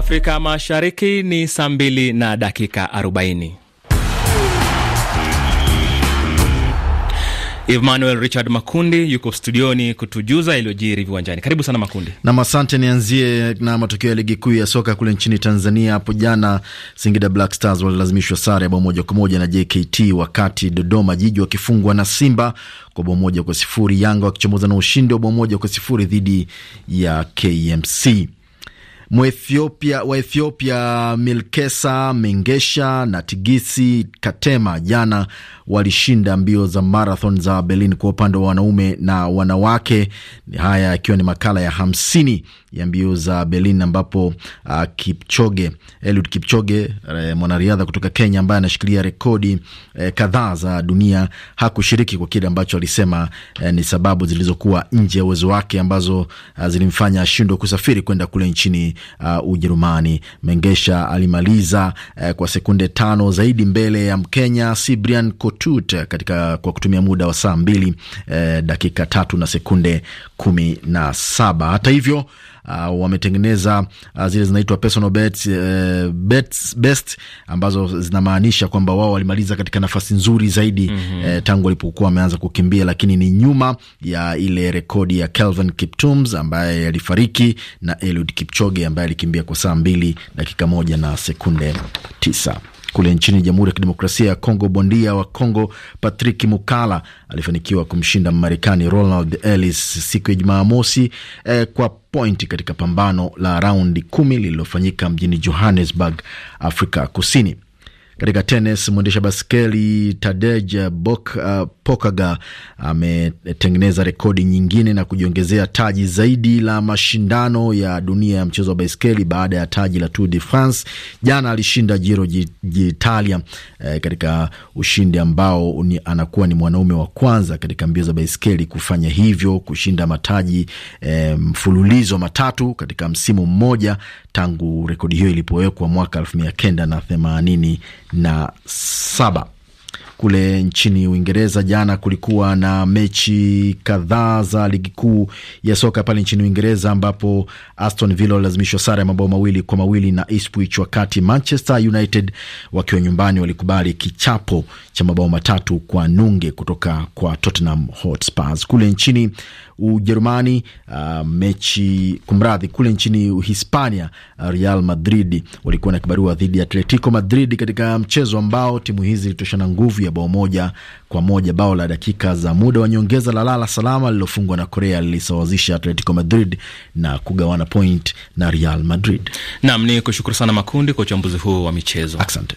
Afrika Mashariki ni saa mbili na dakika arobaini. Emmanuel Richard Makundi yuko studioni kutujuza yaliyojiri viwanjani. Karibu sana Makundi. Nam, asante. Nianzie na matokeo ya ligi kuu ya soka kule nchini Tanzania. Hapo jana Singida Black Stars walilazimishwa sare ya bao moja kwa moja na JKT, wakati Dodoma Jiji wakifungwa na Simba kwa bao moja kwa sifuri. Yanga wakichomoza na ushindi wa bao moja kwa sifuri dhidi ya KMC. Mwethiopia, wa Ethiopia Milkesa Mengesha na Tigisi Katema jana walishinda mbio za marathon za Berlin kwa upande wa wanaume na wanawake. Haya yakiwa ni makala ya hamsini ya mbio za Berlin ambapo uh, Kipchoge, Eliud Kipchoge uh, mwanariadha kutoka Kenya ambaye anashikilia rekodi uh, kadhaa za dunia hakushiriki kwa kile ambacho alisema uh, ni sababu zilizokuwa nje ya uwezo wake ambazo uh, zilimfanya ashindwe kusafiri kwenda kule nchini uh, Ujerumani. Mengesha alimaliza uh, kwa sekunde tano zaidi mbele ya Mkenya Cyprian Kot Tut eh, katika kwa kutumia muda wa saa mbili eh, dakika tatu na sekunde kumi na saba. Hata hivyo Uh, wametengeneza uh, zile zinaitwa personal bets, uh, bets best ambazo zinamaanisha kwamba wao walimaliza katika nafasi nzuri zaidi mm -hmm. eh, mhm. tangu walipokuwa wameanza kukimbia, lakini ni nyuma ya ile rekodi ya Kelvin Kiptum ambaye alifariki na Eliud Kipchoge ambaye alikimbia kwa saa mbili dakika moja na sekunde tisa. Kule nchini Jamhuri ya Kidemokrasia ya Kongo, bondia wa Kongo Patrick Mukala alifanikiwa kumshinda marekani Ronald Ellis siku ya Jumamosi eh, kwa pointi katika pambano la raundi kumi lililofanyika mjini Johannesburg, Afrika Kusini. Katika tenis, mwendesha baskeli Tadej Bok uh, Pokaga ametengeneza rekodi nyingine na kujiongezea taji zaidi la mashindano ya dunia ya mchezo wa baiskeli baada ya taji la Tour de France. Jana alishinda Giro d'Italia eh, katika ushindi ambao uni, anakuwa ni mwanaume wa kwanza katika mbio za baiskeli kufanya hivyo, kushinda mataji eh, mfululizo matatu katika msimu mmoja tangu rekodi hiyo ilipowekwa mwaka elfu mia kenda na themanini na saba. Kule nchini Uingereza jana kulikuwa na mechi kadhaa za ligi kuu ya soka pale nchini Uingereza ambapo Aston Villa walilazimishwa sare ya mabao mawili kwa mawili na Ipswich, wakati Manchester United wakiwa nyumbani walikubali kichapo cha mabao matatu kwa nunge kutoka kwa Tottenham Hotspurs. Kule nchini Ujerumani uh, mechi kumradhi, kule nchini Uhispania uh, Real Madrid walikuwa na kibarua dhidi ya Atletico Madrid katika mchezo ambao timu hizi zilitoshana nguvu ya bao moja kwa moja. Bao la dakika za muda wa nyongeza la lala salama lililofungwa na Korea lilisawazisha Atletico Madrid na kugawana point na Real Madrid. Nam ni kushukuru sana Makundi kwa uchambuzi huo wa michezo, asante.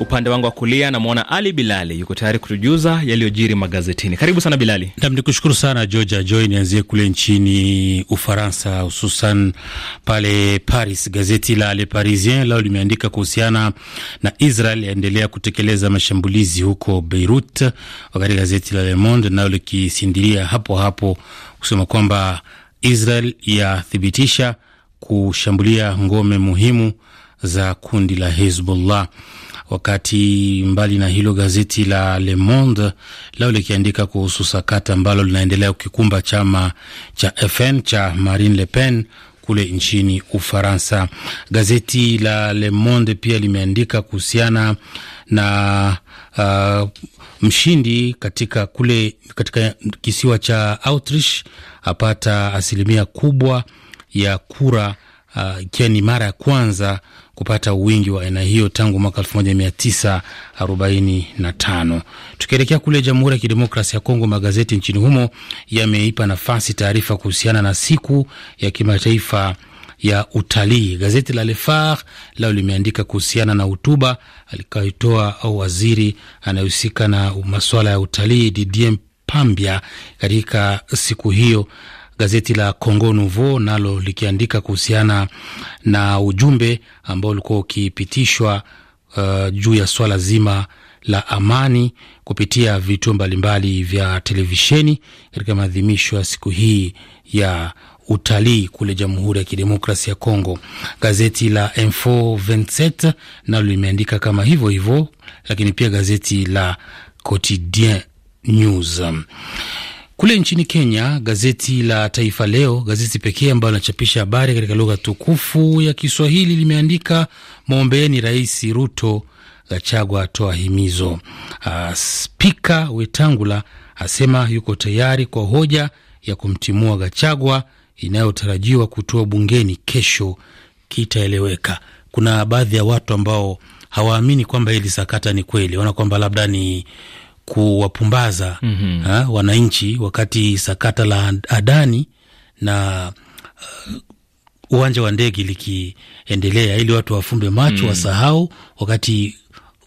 Upande wangu wa kulia namwona Ali Bilali yuko tayari kutujuza yaliyojiri magazetini. Karibu sana Bilali. Nam ni kushukuru sana Georgia Joy. Nianzie kule nchini Ufaransa, hususan pale Paris. Gazeti la Le Parisien lao limeandika kuhusiana na Israel yaendelea kutekeleza mashambulizi huko Beirut, wakati gazeti la Le Monde nalo likisindiria hapo hapo kusema kwamba Israel yathibitisha kushambulia ngome muhimu za kundi la Hezbollah. Wakati mbali na hilo, gazeti la Le Monde lao likiandika kuhusu sakata ambalo linaendelea kukikumba chama cha FN cha Marine Le Pen kule nchini Ufaransa. Gazeti la Le Monde pia limeandika kuhusiana na uh, mshindi katika kule katika kisiwa cha Autrish apata asilimia kubwa ya kura uh, ikiwa uh, ni mara ya kwanza kupata wingi wa aina hiyo tangu mwaka 1945. Tukielekea kule Jamhuri ya Kidemokrasia ya Kongo, magazeti nchini humo yameipa nafasi taarifa kuhusiana na siku ya kimataifa ya utalii. Gazeti la Le Phare lao limeandika kuhusiana na hotuba alikaitoa au waziri anayehusika na masuala ya utalii Didie Pambia katika siku hiyo gazeti la Congo Nouveau nalo likiandika kuhusiana na ujumbe ambao ulikuwa ukipitishwa uh, juu ya swala zima la amani kupitia vituo mbalimbali vya televisheni katika maadhimisho ya siku hii ya utalii kule Jamhuri ya Kidemokrasi ya congo Gazeti la M4 27 nalo limeandika kama hivyo hivyo, lakini pia gazeti la Quotidien News kule nchini Kenya, gazeti la Taifa Leo, gazeti pekee ambalo linachapisha habari katika lugha tukufu ya Kiswahili, limeandika mwombeeni Rais Ruto, Gachagua atoa himizo. Uh, Spika Wetangula asema yuko tayari kwa hoja ya kumtimua Gachagua inayotarajiwa kutua bungeni kesho, kitaeleweka. Kuna baadhi ya watu ambao hawaamini kwamba hili sakata ni kweli, wana kwamba labda ni kuwapumbaza mm -hmm. wananchi wakati sakata la Adani na uh, uwanja wa ndege likiendelea ili watu wafumbe macho mm. wasahau wakati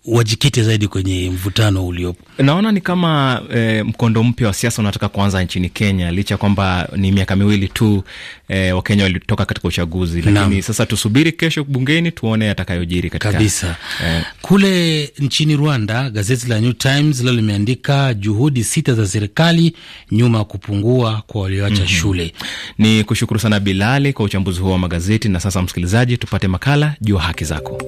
wajikite zaidi kwenye mvutano uliopo. Naona ni kama e, mkondo mpya wa siasa unataka kuanza nchini Kenya, licha ya kwamba ni miaka miwili tu e, Wakenya walitoka katika uchaguzi, lakini na sasa tusubiri kesho bungeni tuone yatakayojiri katika kabisa. E, kule nchini Rwanda gazeti la New Times limeandika juhudi sita za serikali nyuma ya kupungua kwa walioacha mm -hmm. shule. Ni kushukuru sana Bilali kwa uchambuzi huo wa magazeti, na sasa msikilizaji, tupate makala Jua Haki Zako.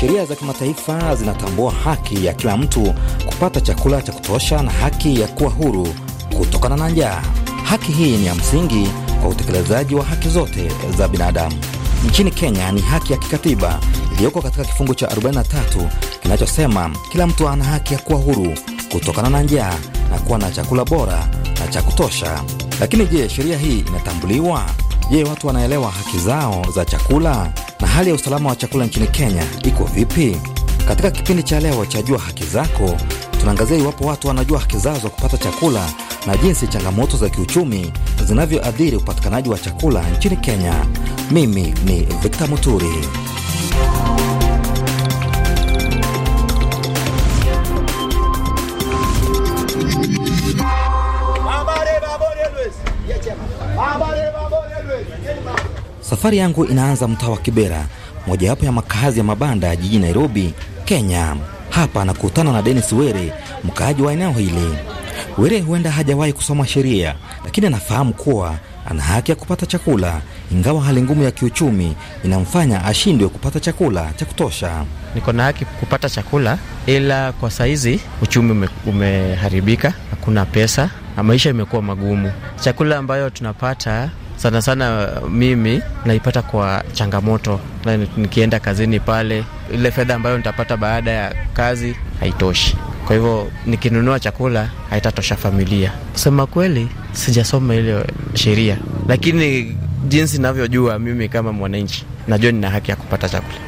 Sheria za kimataifa zinatambua haki ya kila mtu kupata chakula cha kutosha na haki ya kuwa huru kutokana na njaa. Haki hii ni ya msingi kwa utekelezaji wa haki zote za binadamu. Nchini Kenya ni haki ya kikatiba iliyoko katika kifungu cha 43 kinachosema kila mtu ana haki ya kuwa huru kutokana na njaa na kuwa na chakula bora na cha kutosha. Lakini je, sheria hii inatambuliwa? Je, watu wanaelewa haki zao za chakula? na hali ya usalama wa chakula nchini Kenya iko vipi? Katika kipindi cha leo cha Jua Haki Zako tunaangazia iwapo watu wanajua haki zao za kupata chakula na jinsi changamoto za kiuchumi zinavyoadhiri upatikanaji wa chakula nchini Kenya. Mimi ni Victor Muturi. Safari yangu inaanza mtaa wa Kibera, mojawapo ya makazi ya mabanda jijini Nairobi, Kenya. Hapa anakutana na Dennis Were, mkaaji wa eneo hili. Were huenda hajawahi kusoma sheria, lakini anafahamu kuwa ana haki ya kupata chakula, ingawa hali ngumu ya kiuchumi inamfanya ashindwe kupata chakula cha kutosha. Niko na haki kupata chakula, ila kwa saizi uchumi ume, umeharibika, hakuna pesa na maisha imekuwa magumu. Chakula ambayo tunapata sana sana uh, mimi naipata kwa changamoto, na nikienda kazini pale, ile fedha ambayo nitapata baada ya kazi haitoshi. Kwa hivyo nikinunua chakula haitatosha familia. Kusema kweli, sijasoma ile sheria, lakini jinsi navyojua mimi kama mwananchi, najua nina haki ya kupata chakula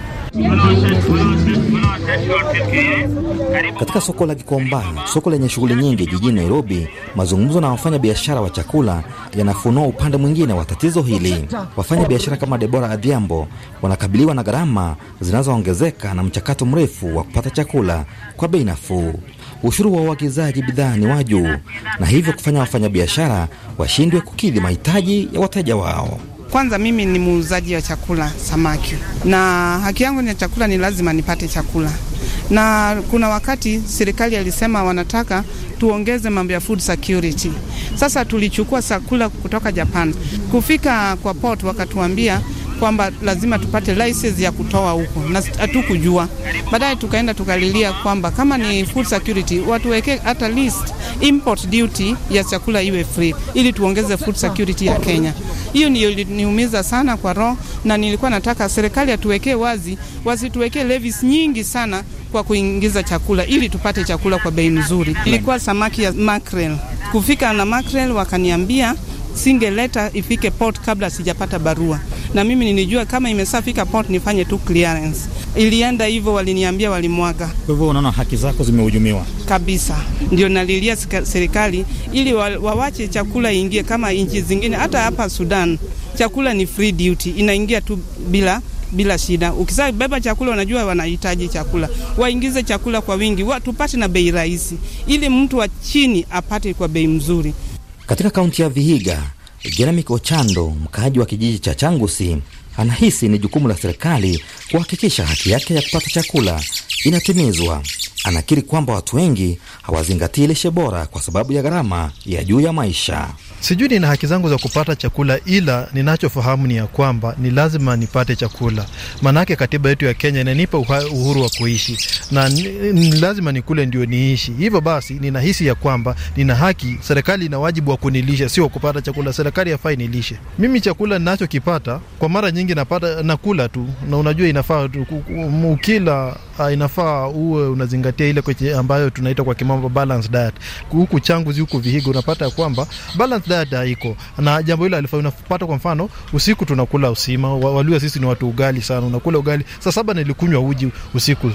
katika soko la Gikomba, soko lenye shughuli nyingi jijini Nairobi, mazungumzo na wafanya biashara wa chakula yanafunua upande mwingine wa tatizo hili. Wafanya biashara kama Debora Adhiambo wanakabiliwa na gharama zinazoongezeka na mchakato mrefu wa kupata chakula kwa bei nafuu. Ushuru wa uagizaji bidhaa ni wa juu, na hivyo kufanya wafanyabiashara washindwe kukidhi mahitaji ya wateja wao. Kwanza mimi ni muuzaji wa chakula samaki, na haki yangu ni chakula, ni lazima nipate chakula. Na kuna wakati serikali alisema wanataka tuongeze mambo ya food security. Sasa tulichukua chakula kutoka Japan, kufika kwa port wakatuambia kwamba lazima tupate license ya kutoa huko, na hatukujua. Baadaye tukaenda tukalilia kwamba kama ni food security watuweke hata list import duty ya chakula iwe free ili tuongeze food security ya Kenya. Hiyo ndio iliniumiza sana kwa roho, na nilikuwa nataka serikali atuwekee wazi, wasituwekee levies nyingi sana kwa kuingiza chakula ili tupate chakula kwa bei nzuri. Ilikuwa samaki ya mackerel, kufika na mackerel wakaniambia singeleta ifike port kabla sijapata barua, na mimi nilijua kama imesafika port nifanye tu clearance ilienda hivyo, waliniambia walimwaga. Kwa hivyo unaona haki zako zimehujumiwa kabisa. Ndio nalilia serikali ili wawache chakula ingie kama nchi zingine. Hata hapa Sudan chakula ni free duty, inaingia tu bila bila shida. Ukisabeba chakula, wanajua wanahitaji chakula, waingize chakula kwa wingi, tupate na bei rahisi, ili mtu wa chini apate kwa bei mzuri. Katika kaunti ya Vihiga, Jeremy Kochando, mkaaji wa kijiji cha Changusi, anahisi ni jukumu la serikali kuhakikisha haki yake ya kupata chakula inatimizwa anakiri kwamba watu wengi hawazingatii lishe bora kwa sababu ya gharama ya juu ya maisha. Sijui nina haki zangu za kupata chakula, ila ninachofahamu ni ya kwamba ni lazima nipate chakula, maanake katiba yetu ya Kenya inanipa uhuru wa kuishi na ni lazima nikule ndio niishi. Hivyo basi, ninahisi ya kwamba nina haki, serikali ina wajibu wa kunilisha, sio kupata chakula. Serikali yafaa inilishe mimi. Chakula ninachokipata kwa mara nyingi napata, nakula tu, na unajua inafaa tu ukila uh, inafaa uwe unazingatia ile kwenye ambayo tunaita kwa kimambo balance diet. Huku changu huku Vihiga unapata ya kwamba balance diet haiko, na jambo hilo alifaa unapata. Kwa mfano usiku tunakula usima, walio sisi ni watu ugali sana, unakula ugali. Saa saba nilikunywa uji usiku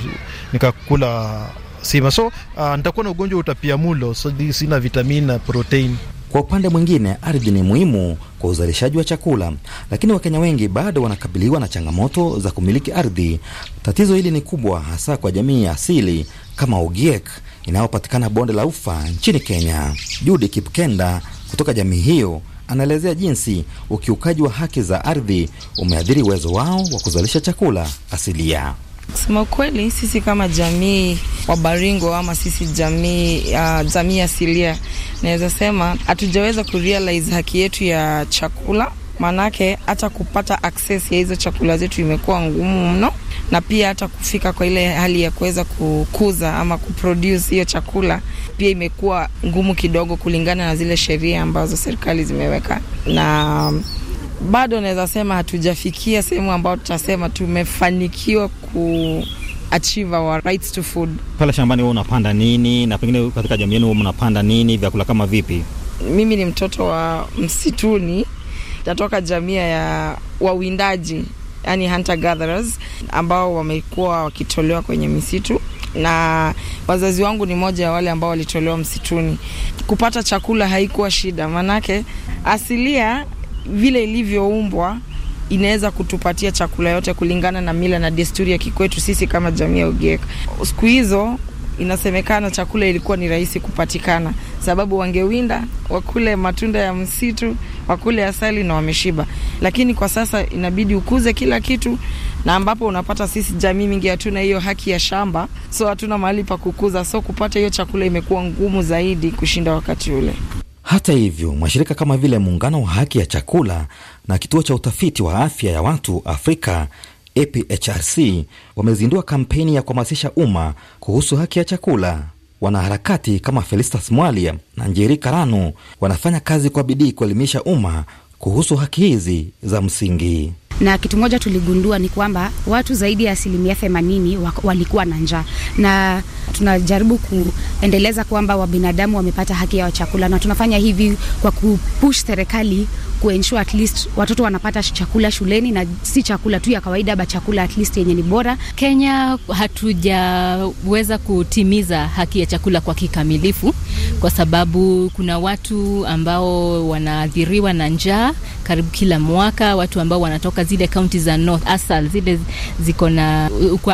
nikakula sima, so uh, nitakuwa na ugonjwa utapia mulo, so sina vitamini na protein kwa upande mwingine, ardhi ni muhimu kwa uzalishaji wa chakula, lakini Wakenya wengi bado wanakabiliwa na changamoto za kumiliki ardhi. Tatizo hili ni kubwa hasa kwa jamii ya asili kama Ogiek inayopatikana bonde la Ufa nchini Kenya. judi Kipkenda kutoka jamii hiyo anaelezea jinsi ukiukaji wa haki za ardhi umeathiri uwezo wao wa kuzalisha chakula asilia. Kusema kweli, sisi kama jamii Wabaringo ama sisi jamii uh, jamii asilia, naweza sema hatujaweza kurealize haki yetu ya chakula, maanake hata kupata access ya hizo chakula zetu imekuwa ngumu mno, na pia hata kufika kwa ile hali ya kuweza kukuza ama kuproduce hiyo chakula pia imekuwa ngumu kidogo, kulingana na zile sheria ambazo serikali zimeweka na bado naweza sema hatujafikia sehemu ambayo tutasema tumefanikiwa ku achieve our rights to food. Pale shambani wewe unapanda nini na pengine katika jamii yenu mnapanda nini, vyakula kama vipi? Mimi ni mtoto wa msituni, natoka jamii ya wawindaji, yani hunter gatherers ambao wamekuwa wakitolewa kwenye misitu na wazazi wangu ni moja ya wale ambao walitolewa msituni. Kupata chakula haikuwa shida, maanake asilia vile ilivyoumbwa inaweza kutupatia chakula yote kulingana na mila na desturi ya kikwetu sisi kama jamii ya Ugiek. Siku hizo inasemekana chakula ilikuwa ni rahisi kupatikana, sababu wangewinda wakule matunda ya msitu, wakule asali na wameshiba. Lakini kwa sasa inabidi ukuze kila kitu, na ambapo unapata sisi jamii mingi hatuna hiyo haki ya shamba, so hatuna mahali pa kukuza, so kupata hiyo chakula imekuwa ngumu zaidi kushinda wakati ule. Hata hivyo, mashirika kama vile muungano wa haki ya chakula na kituo cha utafiti wa afya ya watu Afrika APHRC wamezindua kampeni ya kuhamasisha umma kuhusu haki ya chakula. Wanaharakati kama Felistas Mwalia na Njeri Karanu wanafanya kazi kwa bidii kuelimisha umma kuhusu haki hizi za msingi na kitu moja tuligundua ni kwamba watu zaidi ya asilimia themanini walikuwa na njaa, na tunajaribu kuendeleza kwamba wabinadamu wamepata haki ya chakula, na tunafanya hivi kwa kupush serikali kuensure at least watoto wanapata chakula shuleni na si chakula tu ya kawaida, ba chakula at least yenye ni bora. Kenya hatujaweza kutimiza haki ya chakula kwa kikamilifu, kwa sababu kuna watu ambao wanaathiriwa na njaa karibu kila mwaka, watu ambao wanatoka zile kaunti za north, asal zile ziko na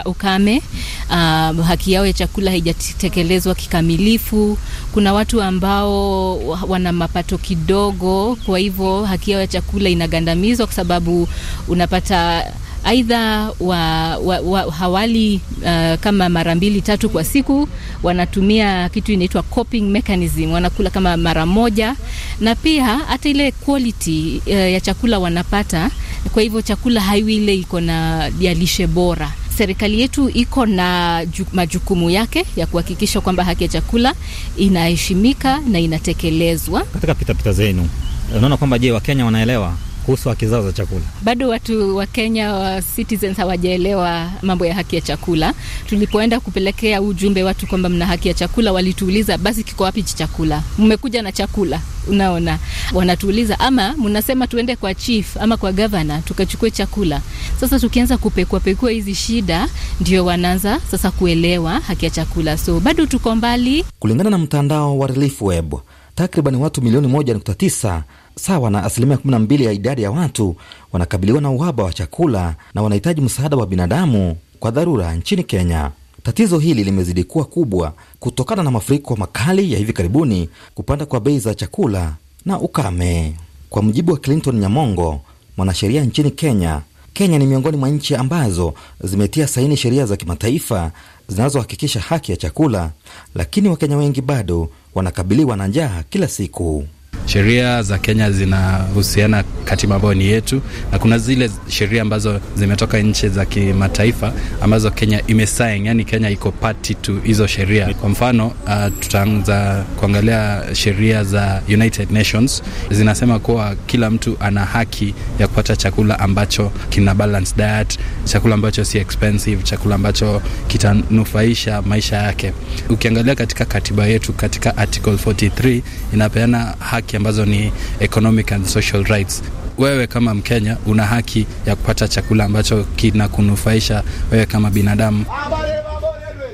ukame uka um, haki yao ya chakula haijatekelezwa kikamilifu. Kuna watu ambao wana mapato kidogo, kwa hivyo haki yao ya chakula inagandamizwa kwa sababu unapata aidha wa, wa, wa, hawali uh, kama mara mbili tatu kwa siku. Wanatumia kitu inaitwa coping mechanism, wanakula kama mara moja, na pia hata ile quality uh, ya chakula wanapata. Kwa hivyo chakula haiwi ile iko na ya lishe bora serikali yetu iko na majukumu yake ya kuhakikisha kwamba haki ya chakula inaheshimika na inatekelezwa. Katika pitapita pita zenu, unaona kwamba je, Wakenya wanaelewa kuhusu haki zao za chakula. Bado watu wa Kenya wa citizens hawajaelewa mambo ya haki ya chakula. Tulipoenda kupelekea ujumbe watu kwamba mna haki ya chakula, walituuliza basi kiko wapi chakula? Mmekuja na chakula Unaona, wanatuuliza ama mnasema tuende kwa chief ama kwa gavana tukachukue chakula. Sasa tukianza kupekuapekua hizi shida, ndio wanaanza sasa kuelewa haki ya chakula, so bado tuko mbali. Kulingana na mtandao wa Relief Web, takriban watu milioni 1.9 sawa na asilimia 12 ya idadi ya watu wanakabiliwa na uhaba wa chakula na wanahitaji msaada wa binadamu kwa dharura nchini Kenya. Tatizo hili limezidi kuwa kubwa kutokana na mafuriko makali ya hivi karibuni, kupanda kwa bei za chakula na ukame. Kwa mujibu wa Clinton Nyamongo, mwanasheria nchini Kenya, Kenya ni miongoni mwa nchi ambazo zimetia saini sheria za kimataifa zinazohakikisha haki ya chakula, lakini Wakenya wengi bado wanakabiliwa na njaa kila siku. Sheria za Kenya zinahusiana katiba ambayo ni yetu, na kuna zile sheria ambazo zimetoka nchi za kimataifa ambazo Kenya imesign, yani Kenya iko party to hizo sheria. Kwa mfano uh, tutaanza kuangalia sheria za United Nations, zinasema kuwa kila mtu ana haki ya kupata chakula ambacho kina balance diet, chakula ambacho si expensive, chakula ambacho kitanufaisha maisha yake. Ukiangalia katika katiba yetu katika article 43 inapeana haki ambazo ni economic and social rights. Wewe kama Mkenya una haki ya kupata chakula ambacho kinakunufaisha wewe kama binadamu.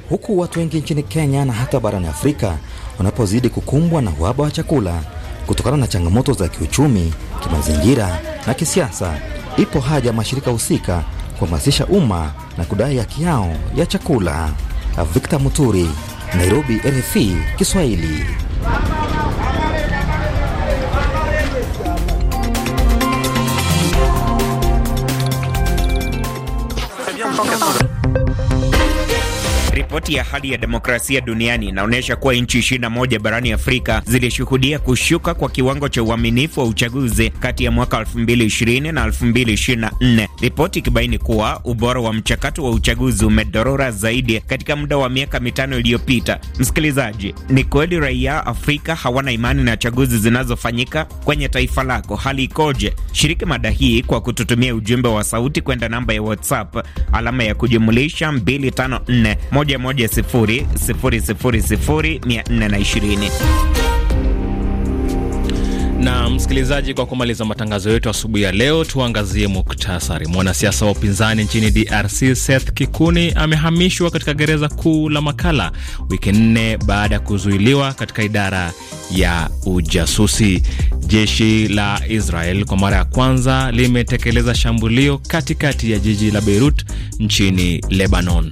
Huku watu wengi nchini Kenya na hata barani Afrika wanapozidi kukumbwa na uhaba wa chakula kutokana na changamoto za kiuchumi, kimazingira na kisiasa, ipo haja ya mashirika husika kuhamasisha umma na kudai haki yao ya chakula. Victor Muturi, Nairobi, RFI Kiswahili. Ripoti ya hali ya demokrasia duniani inaonyesha kuwa nchi 21 barani Afrika zilishuhudia kushuka kwa kiwango cha uaminifu wa uchaguzi kati ya mwaka 2020 na 2024, ripoti ikibaini kuwa ubora wa mchakato wa uchaguzi umedorora zaidi katika muda wa miaka mitano iliyopita. Msikilizaji, ni kweli raia Afrika hawana imani na chaguzi zinazofanyika kwenye taifa lako? Hali ikoje? Shiriki mada hii kwa kututumia ujumbe wa sauti kwenda namba ya WhatsApp alama ya kujumulisha 254 nne na ishirini Na msikilizaji, kwa kumaliza matangazo yetu asubuhi ya leo, tuangazie muktasari. Mwanasiasa wa upinzani nchini DRC Seth Kikuni amehamishwa katika gereza kuu la Makala wiki nne baada ya kuzuiliwa katika idara ya ujasusi. Jeshi la Israel kwa mara ya kwanza limetekeleza shambulio katikati ya jiji la Beirut nchini Lebanon.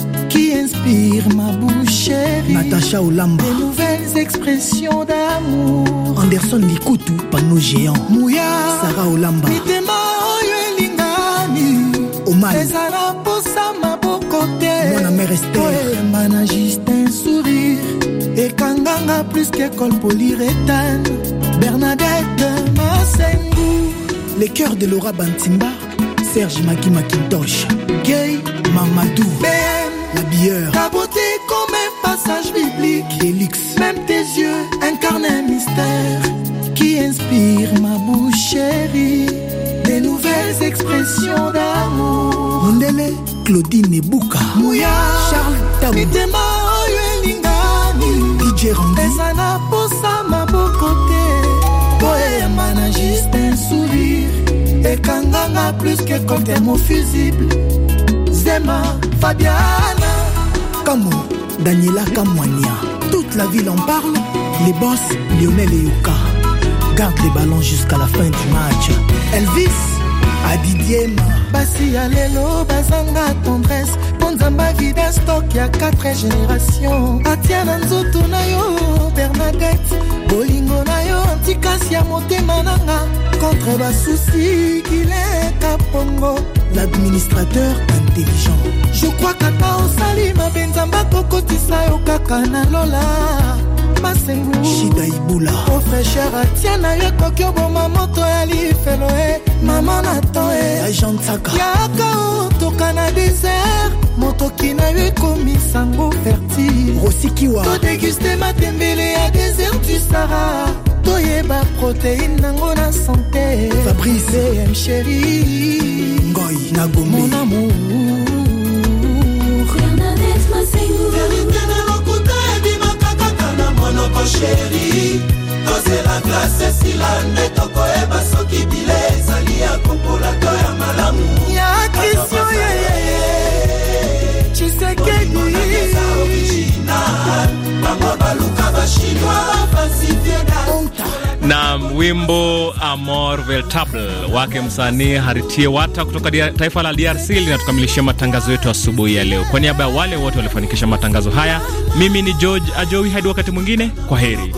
qui inspire ma chérie Natacha Olamba. Des nouvelles expressions d'amour. Anderson Likutu, panneau géant. Mouya. Sarah Olamba. Mitema oyo elingani. Oman. Ezala ma beau côté Mon amère Esther. Poema juste un sourire. Kanganga plus qu'école polyrétane. Bernadette Massengou. Les cœurs de Laura Bantimba. Serge Maki Macintosh. Gay Mamadou la bière. Ta beauté comme un passage biblique. Félix, Même tes yeux incarnent un mystère qui inspire ma bouche chérie. Des nouvelles expressions d'amour. Mondele, Claudine et Bouka Mouya, Charles Taou. Mitema Et DJ Randy. pas posa ma beau côté. Boé, na juste un sourire. Et quand a plus que comme tes mots fusibles. Fabiana, Camo, Daniela Kamwania. Toute la ville en parle. Les boss, Lionel et Yuka. Garde les ballons jusqu'à la fin du match. Elvis, Adidiema. basi Alelo, bazanga tendresse mpo nzamba vida stok ya 4 génération atia na nzoto bernadette bolingo Nayo, yo antikasi ya motema nanga contre basusi kileka pongo l'administrateur intelligent je crois kata osali benzamba mbako kotisa yo kaka na lola masengu shida ibula profesher oh, atia na yo ekoki oboma moto ali lifelo e eh. mama na to e eh. yaka otoka na Moto qui na yo ekomi sango verti rosikiwa Ma tembele ya désert du sahara toyeba proteine nango na santé fabrice m sheri ngoi na gome mon amour lokota ebimaka kaka na monoko sheri tozela glase esila nde tokoyeba soki bile ezali ya kopola to ya malamu ya krisio yeyeye chisekedi bango baluka bashinois wimbo Amor Veltable wake msanii Haritie Wata kutoka taifa la DRC linatukamilishia matangazo yetu asubuhi ya leo. Kwa niaba ya wale wote waliofanikisha matangazo haya, mimi ni George Ajowi. Hadi wakati mwingine, kwa heri.